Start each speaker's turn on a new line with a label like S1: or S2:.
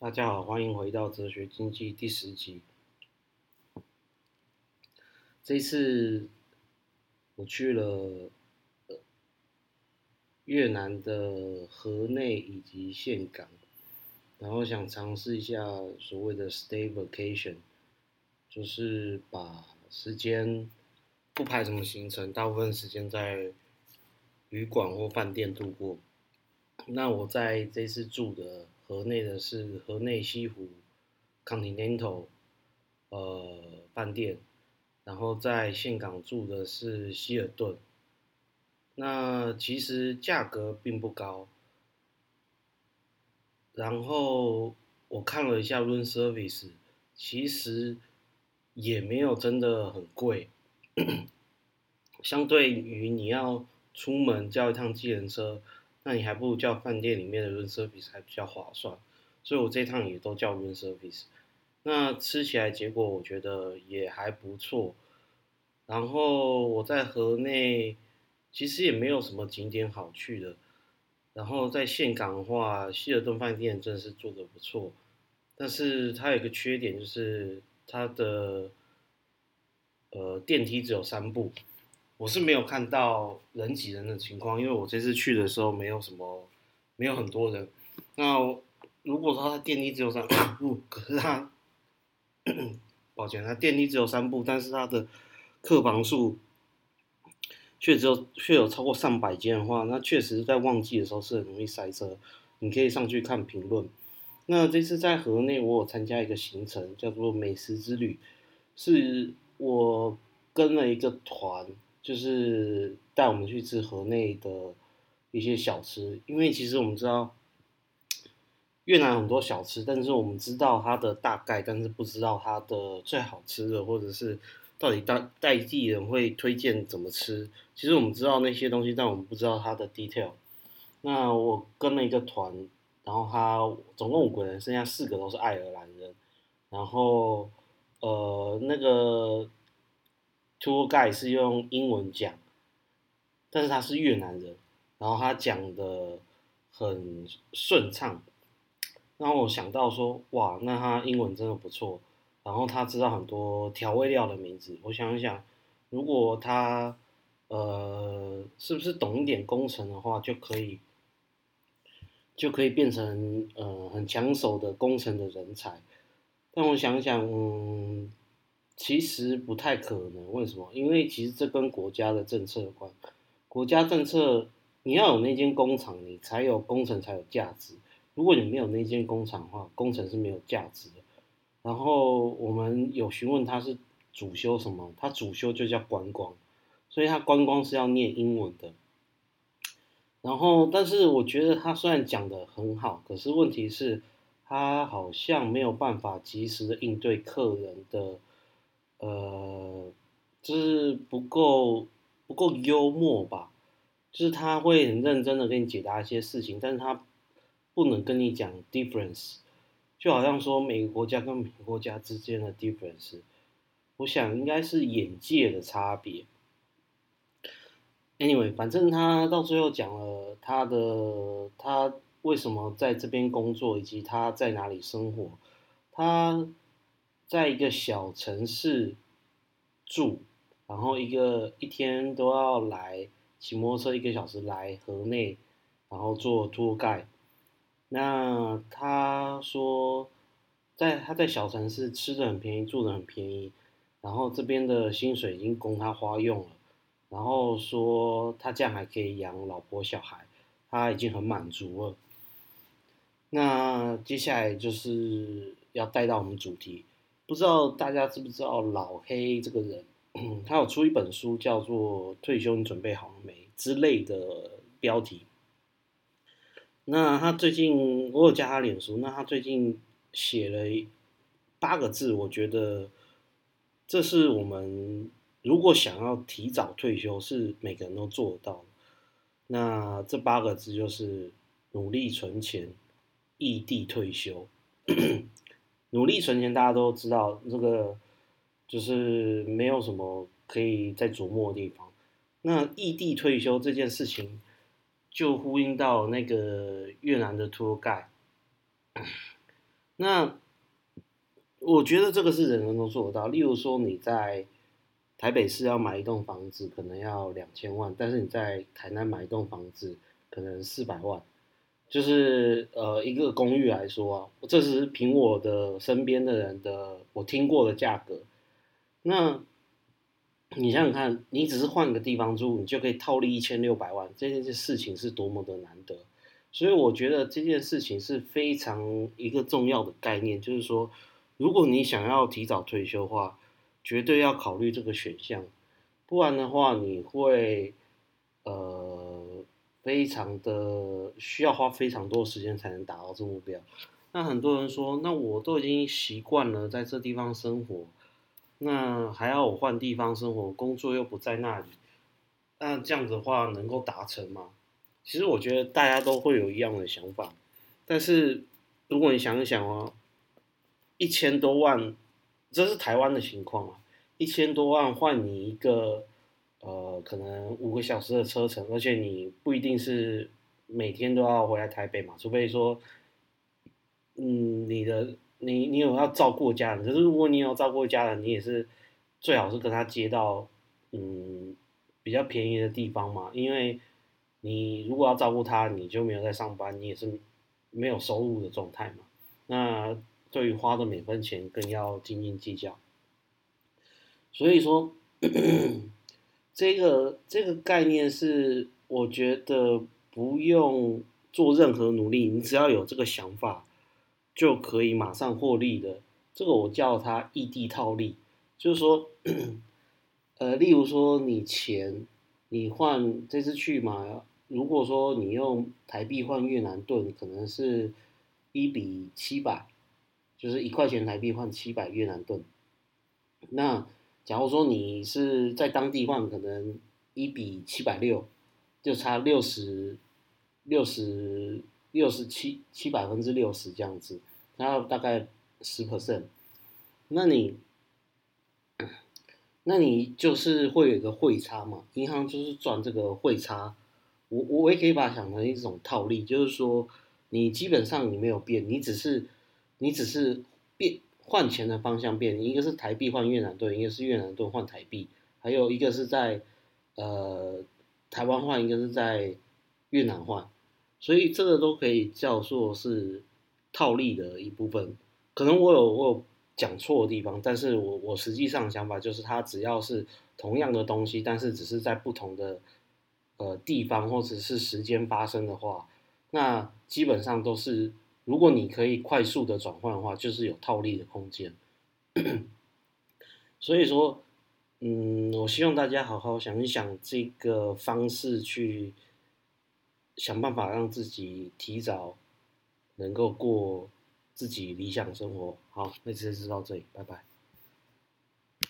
S1: 大家好，歡迎回到《哲學經濟》第十集。這次我去了越南的河內以及峴港，然後想嘗試一下所謂的 stay vacation，就是把時間，不排什麼行程，大部分時間在旅館或飯店度過。那我在這次住的，河內的是河內西湖 Continental 呃飯店，然後在峴港住的是希爾頓，那其實價格並不高，然後我看了一下論 service，其實也沒有真的很貴， 相對於你要出門叫一趟計程車。那你還不如叫飯店裡面的 room service 還比較划算，所以我這趟也都叫 room service。那吃起來結果我覺得也還不錯。然後我在河內其實也沒有什麼景點好去的。然後在峴港的話，希爾頓飯店真的是做的不錯，但是它有一個缺點就是它的呃電梯只有三部。我是沒有看到人擠人的情況，因為我這次去的時候沒有什麼，沒有很多人。那如果說他電梯只有三部，可是他抱歉，他電梯只有三部，但是他的客房數卻只有卻有超過上百間的話，那確實，在旺季的時候是很容易塞車。你可以上去看評論。那這次在河內，我有參加一個行程，叫做美食之旅，是我跟了一個團。就是帶我們去吃河內的一些小吃，因為其實我們知道越南很多小吃，但是我們知道它的大概，但是不知道它的最好吃的，或者是到底代當地人會推薦怎麼吃。其實我們知道那些東西，但我們不知道它的 detail。那我跟了一個團，然後他總共五個人，剩下四個都是愛爾蘭人，然後呃那個。Two guy 是用英文講，但是他是越南人，然後他講得很順暢，讓我想到說，哇，那他英文真的不錯。然後他知道很多調味料的名字。我想一想，如果他呃，是不是懂一點工程的話，就可以就可以變成呃很搶手的工程的人才。讓我想想，嗯。其實不太可能，為什麼？因為其實這跟國家的政策有關。國家政策，你要有那間工廠，你才有工程才有價值。如果你沒有那間工廠的話，工程是沒有價值的。然後我們有詢問他是主修什麼，他主修就叫觀光，所以他觀光是要念英文的。然後，但是我覺得他雖然講的很好，可是問題是，他好像沒有辦法及時的應對客人的。呃，就是不夠不夠幽默吧，就是他會很認真的給你解答一些事情，但是他不能跟你講 difference，就好像說每個國家跟每個國家之間的 difference，我想應該是眼界的差別。Anyway，反正他到最後講了他的他為什麼在這邊工作以及他在哪裡生活，他。在一個小城市住，然後一個一天都要來騎摩托車一個小時來河內，然後做拖蓋。那他說在，在他在小城市吃得很便宜，住得很便宜，然後這邊的薪水已經供他花用了，然後說他這樣還可以養老婆小孩，他已經很滿足了。那接下來就是要帶到我們主題。不知道大家知不知道老黑這個人，他有出一本書，叫做《退休你準備好了沒》之類的標題。那他最近我有加他臉書，那他最近寫了八個字，我覺得這是我們如果想要提早退休，是每個人都做得到的。那這八個字就是努力存錢，異地退休。 努力存錢，大家都知道，這個就是沒有什麼可以再琢磨的地方。那異地退休這件事情，就呼應到那個越南的 tour guide。那我覺得這個是人人都做得到。例如說，你在台北市要買一棟房子，可能要兩千萬，但是你在台南買一棟房子，可能四百萬。就是呃，一個公寓來說啊，這只是憑我的身邊的人的我聽過的價格。那，你想想看，你只是換個地方住，你就可以套利一千六百萬，這件事情是多麼的難得。所以我覺得這件事情是非常一個重要的概念，就是說，如果你想要提早退休的話，絕對要考慮這個選項，不然的話你會呃。非常的需要花非常多時間才能達到這目標。那很多人說，那我都已經習慣了在這地方生活，那還要我換地方生活，工作又不在那裡，那這樣子的話能夠達成嗎？其實我覺得大家都會有一樣的想法，但是如果你想一想啊，一千多萬，這是台灣的情況啊，一千多萬換你一個。呃，可能五個小時的車程，而且你不一定是每天都要回來台北嘛，除非說，嗯，你的你你有要照顧家人，可是如果你有照顧家人，你也是最好是跟他接到嗯比較便宜的地方嘛，因為你如果要照顧他，你就沒有在上班，你也是沒有收入的狀態嘛，那對於花的每分錢更要斤斤計較，所以說。咳咳這個這個概念是，我覺得不用做任何努力，你只要有這個想法，就可以馬上獲利的。這個我叫它異地套利，就是說，呵呵呃，例如說你錢你換這次去嘛，如果說你用台幣換越南盾，可能是一比七百，就是一塊錢台幣換七百越南盾，那。假如說你是在當地換，可能一比七百六，就差六十、六十、六十七、七百分之六十這樣子，然後大概十 percent，那你，那你就是會有一個匯差嘛？銀行就是賺這個匯差。我我也可以把它想成一種套利，就是說你基本上你沒有變，你只是你只是變。換錢的方向變，一個是台幣換越南盾，一個是越南盾換台幣，還有一個是在，呃，台灣換，一個是在越南換，所以這個都可以叫做是套利的一部分。可能我有我有講錯的地方，但是我我實際上想法就是，它只要是同樣的東西，但是只是在不同的呃地方或者是時間發生的話，那基本上都是。如果你可以快速的轉換的話，就是有套利的空間。 所以說，嗯，我希望大家好好想一想這個方式，去想辦法讓自己提早能夠過自己理想生活。好，那這次就到這裡，拜拜。